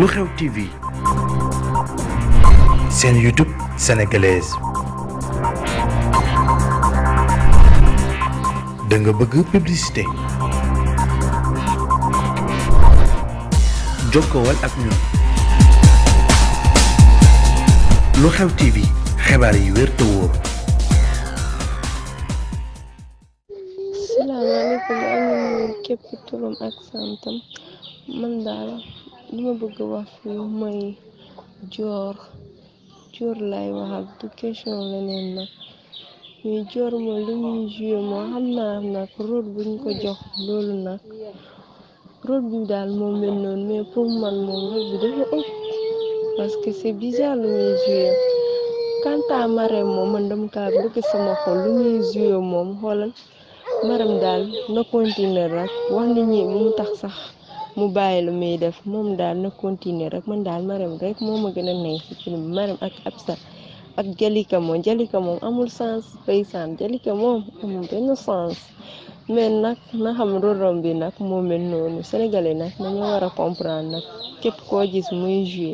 lu xew TV seen YouTube sénégalaise da nga bëgg publicité jokkowal ak ñun lu xew TV xibaar yi wér te wóor. salaamaaleykum am képp turam ak santam man daal. lima bëgg wax fi mooy joor joor lay waxal du question leneen nag mais joor mooy lu ñuy joué moo xam naa nag rôle buñ ko jox loolu nag rôle bi daal moo mel mais pour man moom rôle bi dafa parce que c'est bizarre lu ñuy joué quant à moom man dama kaa bëgg sama xol lu ñuy joué moom xoolal Marème daal na continuer wax nit ñi mu tax sax mu bàyyi lu muy def moom daal na continuer rek man daal Marème rek moo ma gën a neex ci film Marème ak Absa ak Jalika moom Jalika moom amul sens paysan Jalika moom amul benn sens mais nag na xam rorom bi nag moom mel noonu sénégalais nag nañu war a comprendre nag képp koo gis muy joué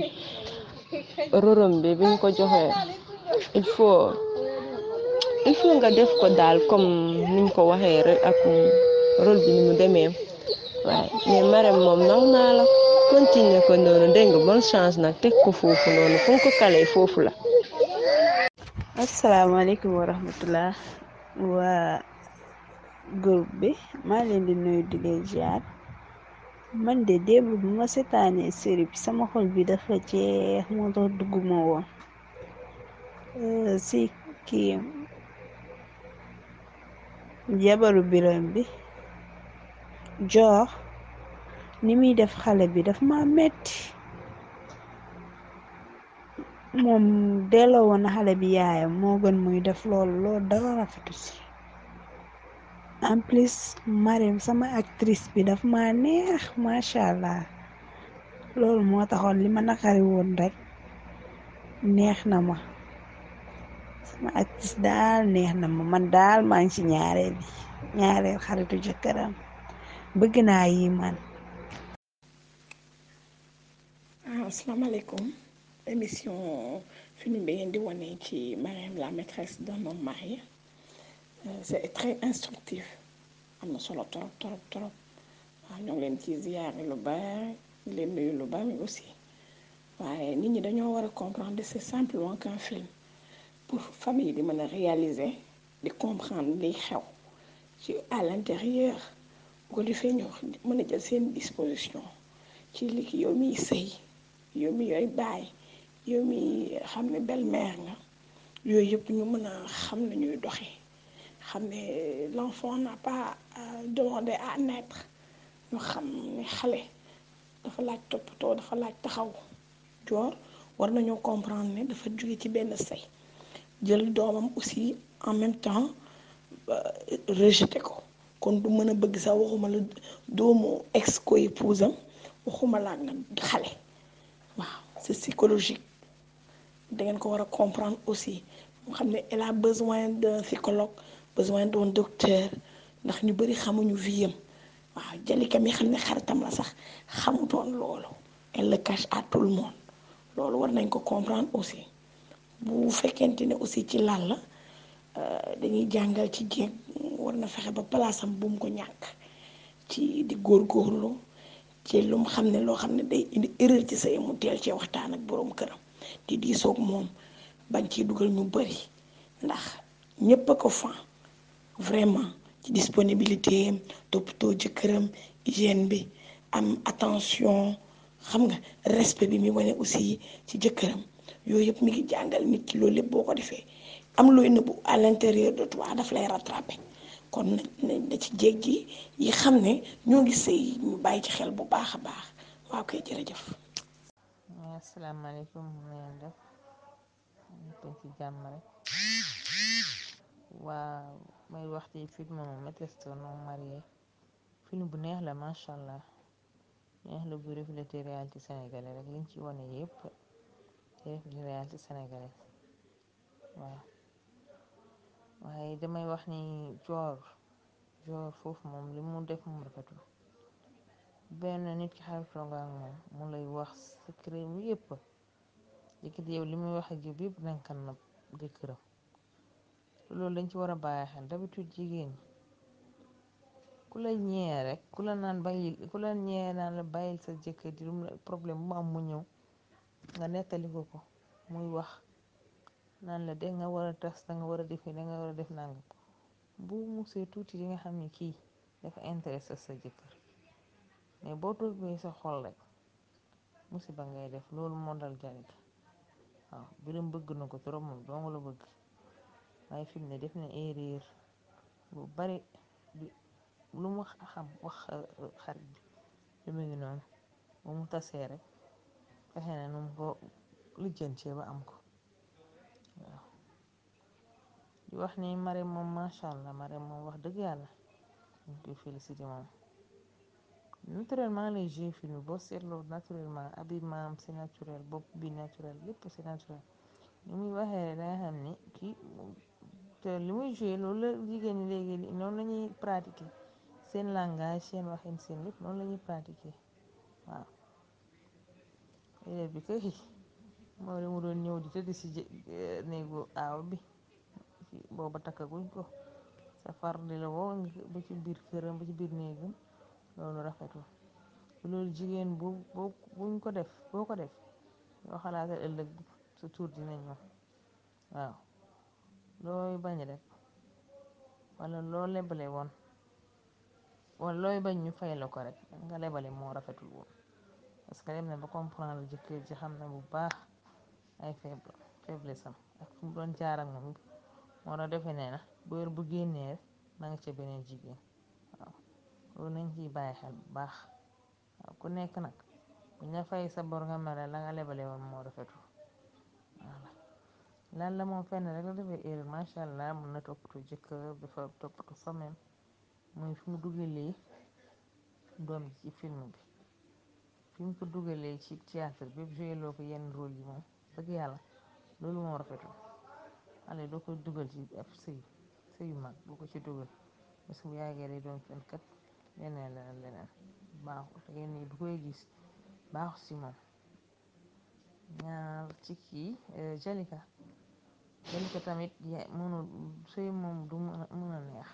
rorom bi biñ ko joxee il faut il faut nga def ko daal comme niñ ko waxee rek ak rôle bi ni mu demee. waaye mais moom naw naa la continuer ko noonu dégg nga bonne chance nag teg ko foofu noonu fu ko kalee foofu la. asalaamaaleykum wa rahmatulah waa groupe bi maa leen di nuyu di leen man de démb bu ma seetaanee série bi sama xol bi dafa jeex moo tax dugg woon euh, si kii jabaru biram bi joor ni muy def xale bi daf ma metti moom delloo woon na xale bi yaayam moo gën muy def loolu loolu dara rafetu si en plus Marème sama actrice bi dafa ma neex macha allah loolu moo taxoon li ma naqari woon rek neex na ma sama actrice daal neex na ma man daal maa ngi ci ñaareel bi ñaareel xaritu jëkkëram bëgg naa yi man. Ah, asalaamaaleykum émission film bi ngeen di wane ci Mariam la maîtresse d'un homme marié euh, c'est très instructif am na solo trop trop trop waaw ah, ñoo ngi leen ci ziyaare lu bari ñu leen nuyu lu bari aussi waaye nit ñi dañoo war a comprendre c'est simplement qu'un film pour famille di mën a réaliser di comprendre li xew ci à l'intérieur bu ko defee ñu mën a jël seen disposition ci liki yow mi sëy yow mi yooy baay yow mi xam ne belle-mère nga yooyu yëpp ñu mën a xam na ñuy doxee xam ne l'enfant n'a pas demandé à naître ñu xam ne xale dafa laaj toppatoo dafa laaj taxaw joor war nañoo comprendre ne dafa jóge ci benn sëy jël doomam aussi en même temps euh, rejeté ko kon du mën a bëgg sax waxuma la doomu ex ko épouse am waxuma laa nga xale waaw c'est psychologique da ngeen ko war a comprendre aussi mu xam ne elle a besoin d'un psychologue besoin d'un docteur ndax ñu bëri xamuñu vie am waaw Jalika mi xam ne xaritam la sax xamutoon loolu elle le cache à tout le monde loolu war nañ ko comprendre aussi bu fekkente ne aussi ci lan la euh, dañuy jàngal ci jéem. war na fexe ba palaasam bu ko ñàkk ci di góor góorgóorlu ci lu mu xam ne loo xam ne day indi erreur ci say mu teel cee waxtaan ak boroom këram di diisoo moom bañ ciy dugal ñu bari ndax ñépp ko fan vraiment ci disponibilité am toppatoo jëkkëram hygiène bi am attention xam nga respect bi muy wane aussi ci jëkkëram yooyu yëpp mu ngi jàngal nit ki loolu lépp boo ko defee am looy nëbbu à l'intérieur de toi daf lay rattraper. kon nañ na ci jéggi yi xam ne ñoo ngi sëy ñu bàyyi ci xel bu baax a baax waaw koy jërëjëf. asalaamaaleykum na ngeen def waaw may wax ci bu neex la macha allah neex la bu reflété réalité sénégalais rek liñ ci wane yëpp te reflété réalité sénégalais waaw. waaye damay wax ni joor joor foofu moom li mu def moom rafetul benn nit ki xaritoo nga moom mu lay wax secret mu yëpp jëkkër li muy wax ak yëpp dankan na jëkkëram loolu dañ ci war a bàyyi xel d'habitude jigéen ñi ku la ñee rek ku la naan naan la bàyyil sa jëkkër di problème bu mu mu ñëw nga nettali ko muy wax naan la de nga war a tas da nga war a def da nga war a def nangam bu musee tuuti yi nga xam ne kii dafa intéressé sa jëkkër mais boo toogee sa xol rek ba ngay def loolu moo dal jarit waaw biram bëgg na ko trop moom doo nga la bëgg waaye fi ne def na erreur bu bari lu mu xam wax xarit bi mu ngi noonu mu tasee rek fexe na nu mu ko lijjantee ba am ko di wax ni Marème moom allah Marème moom wax dëgg yàlla ñu koy félicité moom naturellement les jeux film boo seetloo naturellement habillement am c'est naturel bopp bi naturel lépp c'est naturel li muy waxee da nga ni kii li muy joué loolu la jigéen ñi léegi noonu la ñuy pratiquer seen langage seen waxin seen lépp noonu la ñuy pratiquer waaw élève bi kay moo la mu doon ñëw di tëdd si néegu bi ci booba takka guñ ko safar di la woo ba ci biir këram ba ci biir néegam loolu rafetul loolu jigéen bu buñ ko def boo ko def yoo xalaatal ëllëg su tuur dina ñëw waaw looy bañ rek wala loo lebale woon wala looy bañ ñu fay la ko rek nga lebale moo rafetul woon parce que dem na ba comprendre jëkkër ji xam na bu baax ay faible faiblesse am ak fu mu doon jaar ak moo tax defe nee na góor bu génnee ma ngi ca beneen jigéen waaw loolu nañ ciy bàyyi bu baax ku nekk nag buñ la sa bor nga mel la lebale woon moo rafetul voilà lan la moom fenn rek la defee allah mun na toppatoo jëkkër dafa toppatoo famem muy fi mu dugalee doom ji ci film bi fi mu ko dugalee ci théâtre bi yenn rôle yi moom dëgg yàlla loolu moom xale doo ko dugal ci ab sëy sëyu mag boo ko ci dugal parce que bu yàggee day doon fenkat leneen leneen baaxul te ngeen bu koy gis baaxu si moom ñaar ci kii eh, jalika jalika tamit mënul sëy moom du mën a neex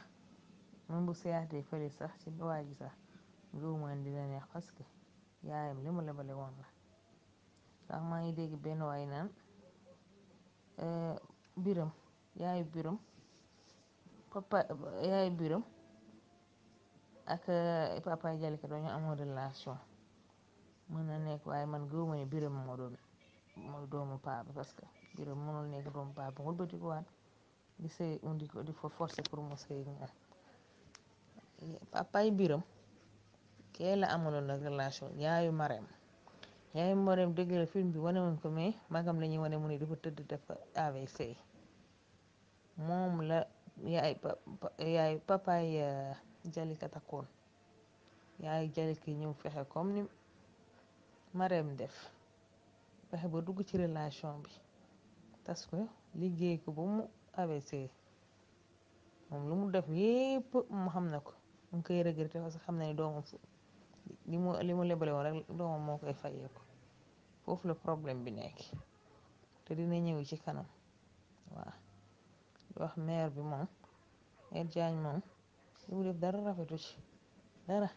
moom bu seyaatee fële sax ci waa ji sax loo mën dina neex parce que yaayam li lebale woon la sax maa ngi dégg benn waay naan eh, biram yaayu biram papa yaayu biram ak eh, papa Jalika dañu amoon relation mën na nekk waaye man gëwuma ne biram moo doomu paa parce que biram mënul nekk doomu paa bi ngul bëti di sëy undi di ko forcer pour mu sëy moom biram kee la nag relation yaayu mareem yaay Marème dëgg la film bi wane woon ko mais magam la ñuy wane mu ne dafa tëdd dafa AVC moom la yaay yaay papaay euh, Jalika takkoon yaay Jalika ñëw fexe comme ni Marème def fexe ba dugg ci relation bi tas ko liggéey ko ba mu AVC moom lu mu def yépp mu xam na ko mu koy regretté parce xam na ni doomam li mu li mu lebale woon rek doomam moo koy fayeeku foofu la problème bi nekk te dina ñëw ci kanam waa di wax maire bi moom El Diagne moom li mu def dara rafetu ci dara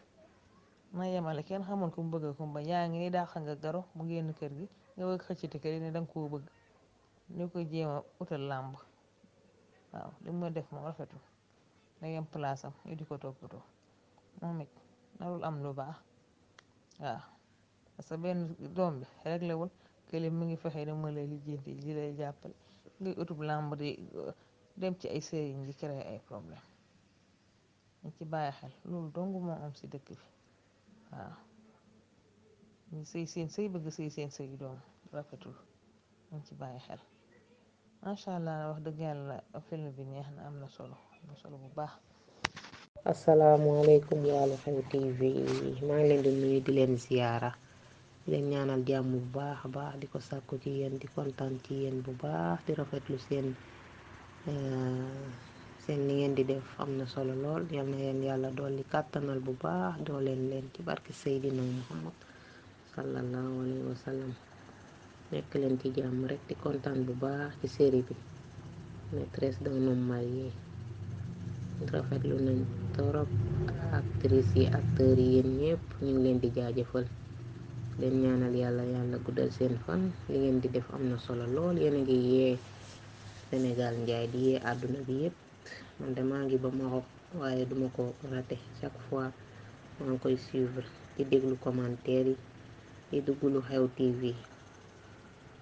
na yemale kenn xamul ku bëgg ku mu ba yaa ngi ni dàq nga garo mu génn kër gi nga bëgg xëcciti kër yi ne danga koo bëgg ñu ko jéema utal làmb waaw li mu def moom rafetu na yem place am ko toppatoo moom it narul am lu baax waaw parce que benn doom bi réglé wul kële mi ngi fexe dama lay lijjanti li lay jàppale ngay utub làmb di uh, dem ci ay sëriñ di créer ay problème ñu ci bàyyi xel loolu dong moo si dëkk bi waaw ñu sëy seen bëgg sëy seen sëy doom rafetul ñu ci bàyyi xel macha allah wax dëgg yàlla film bi neex na am na solo bu baax asalaamualeykum waa Lu Xew TV maa ngi leen di nuyu di ziyaara leen ñaanal jàmm bu baax a baax di ko sàkku ci yéen di kontaan ci yéen bu baax di lu seen eh, seen li ngeen di def am na solo lool yal na leen yàlla dolli kàttanal bu baax dooleen leen ci barki Seydina Muhammad sallallahu alayhi wa nekk leen ci jàmm rek di kontaan bu baax ci série bi maîtresse d'un homme marié rafetlu nañ torop actrices yi acteurs yi yéen ñëpp ñu ngi leen di jaajëfal leen ñaanal yàlla yàlla guddal seen fan li ngeen di def am na solo lool yéen a ngi yee Sénégal njaay di yee àdduna bi yëpp man de ngi ba Maroc waaye duma ko raté chaque fois maa ngi koy suivre di déglu commentaire yi di dugg lu xew TV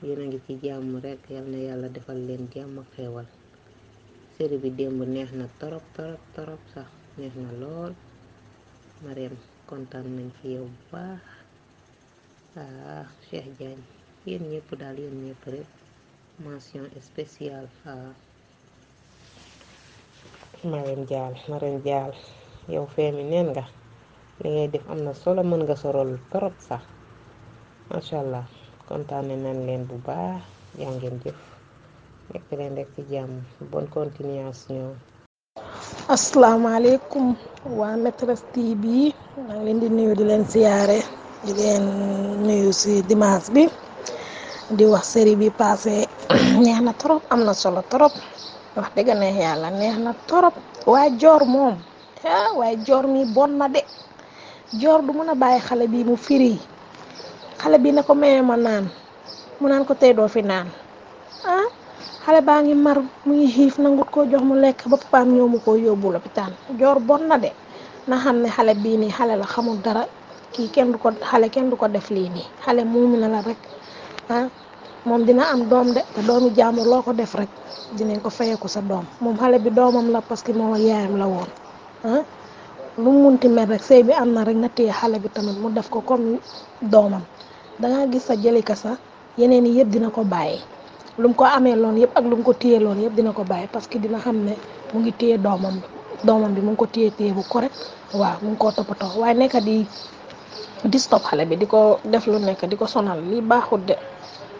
yéen a ngi ci jàmm rekk yal yàlla defal leen jàmm ak xewal série bi démb neex na torop torop torop sax neex na lool Marème kontaan nañ fi yow bu baax à ah, Cheikh Diagne yéen ñëpp daal yéen ñëpp rek mention spéciale à Marème Dial Marème Dial yow féminine nga li def am na solo mën nga sorol trop sax macha allah kontaane nañ leen bu baax yaa ngeen jëf nekk leen rek ci jàmm bonne continuation. asalaamaaleykum waa Maîtresse TV maa leen di nuyu di leen siyaare. di leen nuyu bi di wax série bi passé neex na trop am na solo trop wax dëgg neex yàlla neex na trop waaye joor moom ah waaye joor mi bon na de joor du mën a bàyyi xale bii mu firi xale bii na ko mayee ma naan mu naan ko tey doo fi naan ah xale baa ngi mar mu ngi xiif nangut koo jox mu lekk ba papaam ñëw mu koo yóbbu lopitaan joor bon na de na xam ne xale bii nii xale la xamul dara kii kenn du ko xale kenn du ko def lii nii xale moomu na la rek ah moom dina am doom de te doomi jaamur loo ko def rek dinañ ko fayeku sa doom moom xale bi doomam la parce que moom yaayam la woon ah. lu mu munti mel rek sëy bi am na rek na téye xale bi tamit mu def ko comme doomam dangaa gis sa jëlika sa yeneen yi yëpp dina ko bàyyi lu mu ko amee loon yëpp ak lu mu ko téye loon yëpp dina ko bàyyi parce que dina xam ne mu ngi téye doomam doomam bi mu ko téye téye bu correct waaw mu ngi koo toppatoo waaye nekk di di xale bi di ko def lu nekk di ko sonal lii baaxut de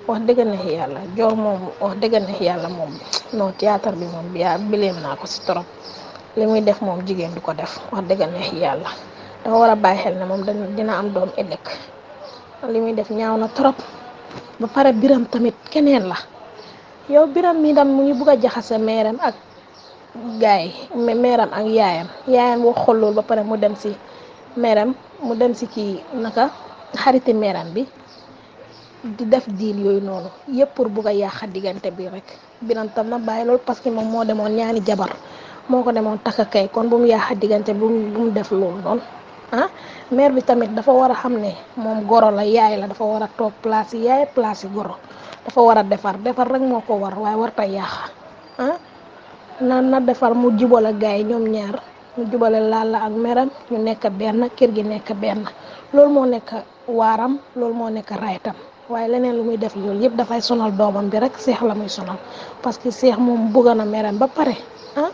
wax dëgg neex yàlla joor moom wax dëgg neex yàlla moom non théâtre bi moom yaa bileem naa ko si trop li muy def moom jigéen du ko def wax dëgg neex yàlla dafa war a bàyyi xel ne moom dina am doom ëllëg li muy def ñaaw na trop ba pare biram tamit keneen la yow biram mi dam mu ngi bugg a jaxase meeram ak gaay meeram ak yaayam yaayam boo xool ba pare mu dem si. meram mu dem si kii naka xariti meram bi di def diil yooyu noonu yëpp pour bugg a yàq diggante bi rek biram tam na bàyyi loolu parce que moom moo demoon ñaani jabar moo ko demoon takk kay kon bu mu yàq diggante bu mu def loolu noonu ah mère bi tamit dafa war a xam ne moom goro la yaay la dafa war a toog place yi yaay place yi goro dafa war a defar defar rek moo ko war waaye warta yàq ah na na defar mu jubal ak gars yi ñoom ñaar mu jubale la ak meram ñu nekk benn kër gi nekk benn loolu moo nekk waaram loolu moo nekk raytam waaye leneen lu muy def loolu yëpp dafay sonal doomam bi rek seex la muy sonal parce que seex moom bugg na meram ba pare ah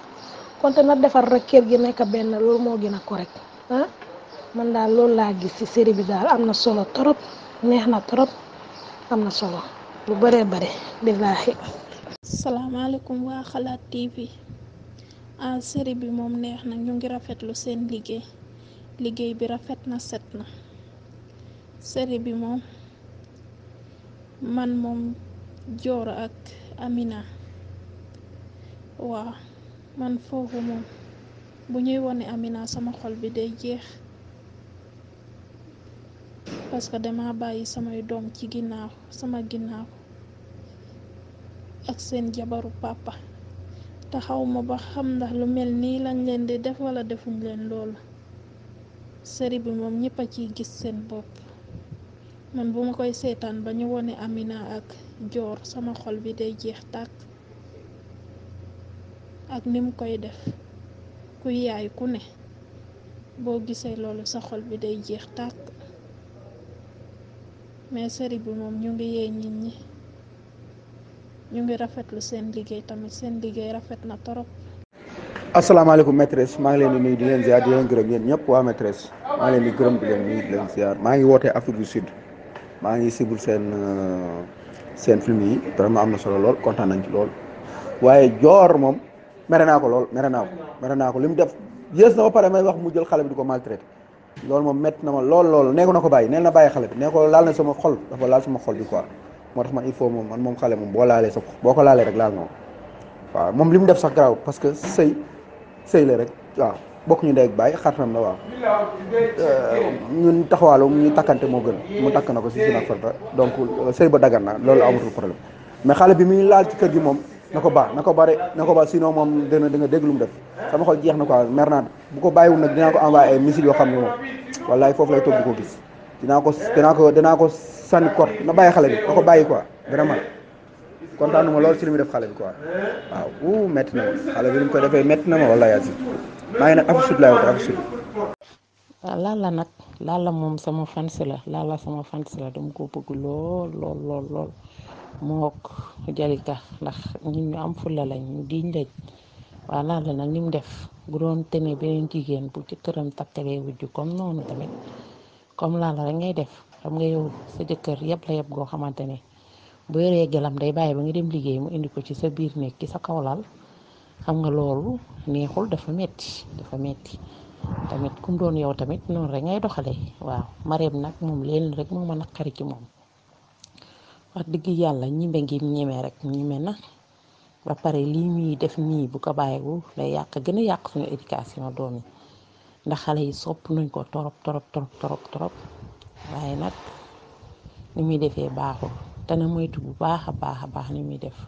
konte na defar rek kër gi nekk benn loolu moo gën a correct ah daal loolu laa gis ci série bi daal am na solo trop neex na trop am na solo lu bëree bëri billaahi salaamaaleykum waa xalaat TV ah série bi moom neex na ñu ngi rafetlu seen liggéey liggéey bi rafet na set na série bi moom man moom Jooro ak Amina waaw man foofu moom bu ñuy wone Amina sama xol bi day jeex parce que dama bàyyi samay doom ci ginnaaw sama ginnaaw ak seen jabaru pàppa taxawuma ba xam ndax lu mel nii lañ leen di def wala defuñ leen loolu série bi moom ñëpp a ciy gis seen bopp man bu ma koy seetaan ba ñu wone Amina ak joor sama xol bi day jeex tàkk ak nim koy def ku yaay ku ne boo gisee loolu sa xol bi day jeex tàkk mais série bi moom ñu ngi yee nit ñi ñu ngi rafetlu seen liggéey tamit seen liggéey rafet na torop. asalaamaaleykum maîtresse maa ngi leen di nuyu di leen ziar di leen gërëm yéen ñëpp waa maîtresse maa ngi leen di gërëm di leen nuyu di leen ziar maa ngi wootee Afrique du Sud maa ngi sibul seen euh, seen film yi vraiment am na solo lool kontaan nañ ci lool waaye joor moom mere naa ko lool mere naa ko mere naa ko li mu def yées na ba pare may wax mu jël xale bi di ko maltraité loolu moom métti na ma lool lool nee na ko bàyyi ne na bàyyi xale nee ko laal na sama xol dafa laal sama xol bi quoi. moo tax man il faut moom man moom xale moom boo laalee sa boo ko laalee rek laal nga waaw moom li mu def sax garaaw parce que sëy sëy la rek waaw bokk ñu ndey ak baay xaritam la waaw euh, ñun taxawaalu ñu takkante moo gën mu takk na ko si sina farta donc euh, sëy ba dagan na loolu amatul mais xale bi muy laal ci kër gi moom na ko baax na ko bare na ko baax sinon moom dina dina dégg lu mu def sama xol jeex na ko mer naa bu ko bàyyiwul nag dinaa ko envoyé ay yoo xam ne moom wallaay foofu lay toog di ko gis danaa ko dinaa ko dinaa ko sànni kot na bàyyi xale bi na ko bàyyi quoi vraiment kontaan ma lool ci li muy def xale bi quoi waaw wuu métti na ma xale bi ni mu koy defee métti na ma wala yaa si maa ngi nag afi sud moom sama fans la Lalla la dama ko bëgg lool lool lool lool mook Jalika ndax ñun ñu am fulla lañ ñu diñ lañ waaw Lalla nag li mu def bu doon tene beneen jigéen bu ci këram takkalee wujj comme noonu tamit. comme lan la rek ngay def xam nga yow sa jëkkër yëpp la yëpp goo xamante ne bu yoree gelam day bàyyi ba nga dem liggéey mu indi ko ci sa biir néeg ci sa kaw lal xam nga loolu neexul dafa metti dafa metti tamit kum doon yow tamit noonu rek ngay doxale waaw mareem nag moom leen rek moo a naqari ci moom wax dëgg yàlla ñime ngi ñime rek ñime na ba pare lii muy def nii bu ko bàyyiwu day yàq gën a yàq suñu éducation doom yi ndax xale yi sopp nañ ko torop torop torop torop torop waaye nag ni muy defee baaxu tena na moytu bu baax a baax a baax ni muy def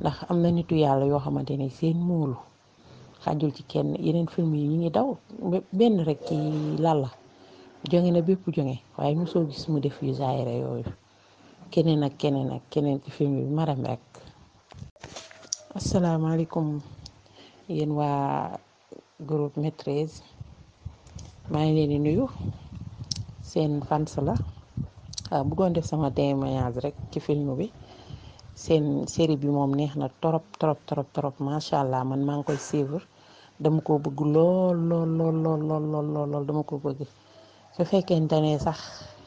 ndax am na nitu yàlla yoo xamante ne seen xa xajul ci kenn yeneen film yi ñu ngi daw benn rek ki ci la jonge na bépp jonge waaye mosoo gis mu def yu zaayre yooyu keneen ak keneen ak keneen ci film bi maram rek asalaamaaleykum yéen waa groupe maîtrise maa ngi leen nuyu seen fans la ah, bu doon def sama témoignage rek ci film bi seen série bi moom neex na trop trop trop trop macha allah man maa ngi koy suivre dama ko bëgg lool lool lool lool lool dama ko bëgg su fekkente sax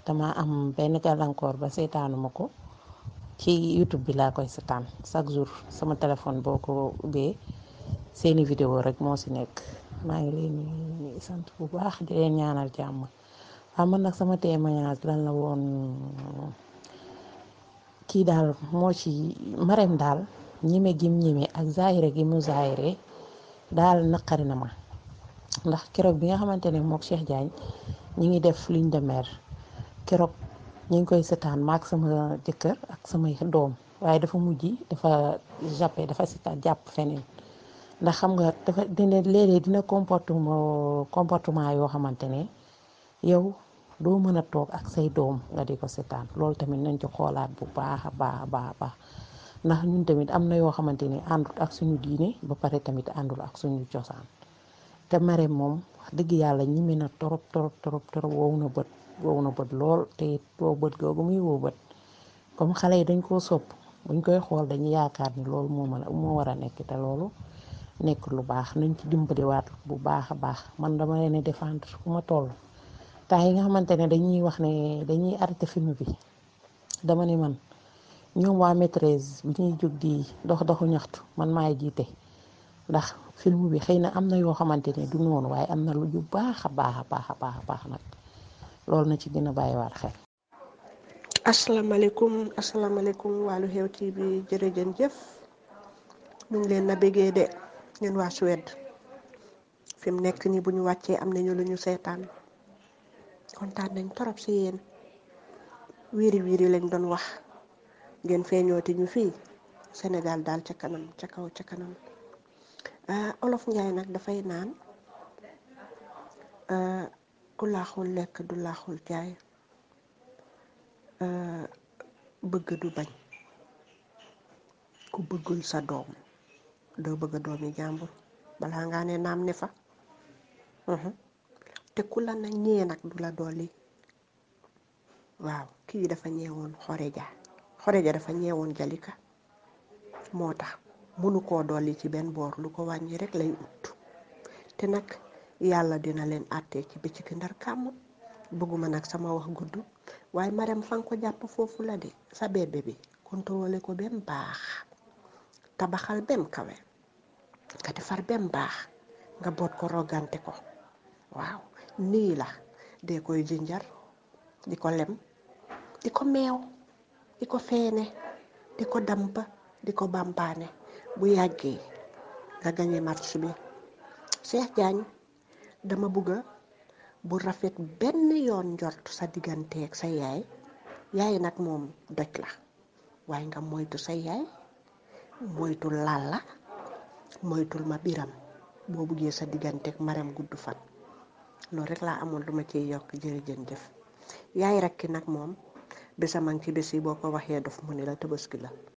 dama am benn gàllankoor ba seetaanuma ko ci YouTube bi laa koy seetaan chaque jour sama téléphone boo ko ubbee seeni vidéo rek moo si nekk. maa ngi leen sant bu baax di leen ñaanal jàmm waaw man nag sama témoignage lan la woon kii daal moo ci marem daal ñime gim ñime ak zaayire gi mu zaayire daal naqari na ma ndax keroog bi nga xamante ne mook Cheikh jaañ ñi ngi def ligne de mer keroog ñu ngi koy setaan maak sama jëkkër ak samay doom waaye dafa mujj dafa jàppe dafa setaan jàpp feneen ndax xam nga dafa dina léeg-léeg dina comportement comportement yoo xamante ne yow doo mën a toog ak say doom nga di ko seetaan loolu tamit nañ ci xoolaat bu baax a baax a baax a ndax ñun tamit am na yoo xamante ni àndul ak suñu diine ba pare tamit àndul ak suñu cosaan te Marème moom wax dëgg yàlla ñime na torop torop torop torop wow na bët wow na bët lool te wow bët googu muy wow bët comme xale yi dañ koo sopp buñ koy xool dañu yaakaar ni loolu moo mën a moo war a nekk te loolu nekk lu baax nañ ci dimbaliwaat bu baax a baax man dama leen défendre fu ma toll temps yi nga xamante ne dañuy wax ne dañuy arrêté film bi dama ne man ñoom waa maîtrise bi ñuy jóg di dox doxu ñaxtu man maay jiite ndax film bi xëy na am na yoo xamante ne du noonu waaye am na lu ju baax a baax a baax a baax a baax nag loolu na ci gën a bàyyiwaat xel. asalaamaaleykum asalaamaaleykum wàllu xew TV jërëjëf ñu ngi leen na bëggee de. ñun waa Suède fi mu nekk nii bu ñu wàccee am nañu lu ñu seetaan kontaan nañ torop si yéen wiiri wiiri lañ doon wax ngeen feeñooti ñu fii Sénégal daal ca kanam ca kaw ca kanam euh, olof njaay nag dafay naan euh, ku laaxul lekk du laaxul jaay euh, bëgg du bañ ku bëggul sa doom doo bëgg a doomi jàmbur balaa nga ne naam ne fa mhm. te ku la na ñee nag du la dolli waaw kii dafa ñeewoon xoreja xoreja dafa ñeewoon jalika moo tax mënu koo dolli ci benn boor lu ko wàññi rekk lay ut te nag yàlla dina leen àttee ci bëccëg ndar kàmm bëgguma nag sama wax gudd waaye Mariam fa nga ko jàpp foofu la de sa bébé bi contrôlé ko benn baax tabaxal bem kawe nga defar bem baax nga boot ko rogante ko waaw nii la dee koy jinjar di ko lem di ko meew di ko feene di ko damp di ko bampaane bu yàggee nga gañe marché bi Cheikh Diagne dama bëgga bu rafet benn yoon njort sa diggante ak sa yaay yaay nag moom doj la waaye nga moytu sa yaay moytu laal la moytul ma biram boo buggee sa digganteeg maram gudd fan loolu rek laa amoon lu ma ciy yokk jërëjën jëf yaay rakki nag moom bésa mang ci bés yi boo ko waxee dof mu ne la tabaski la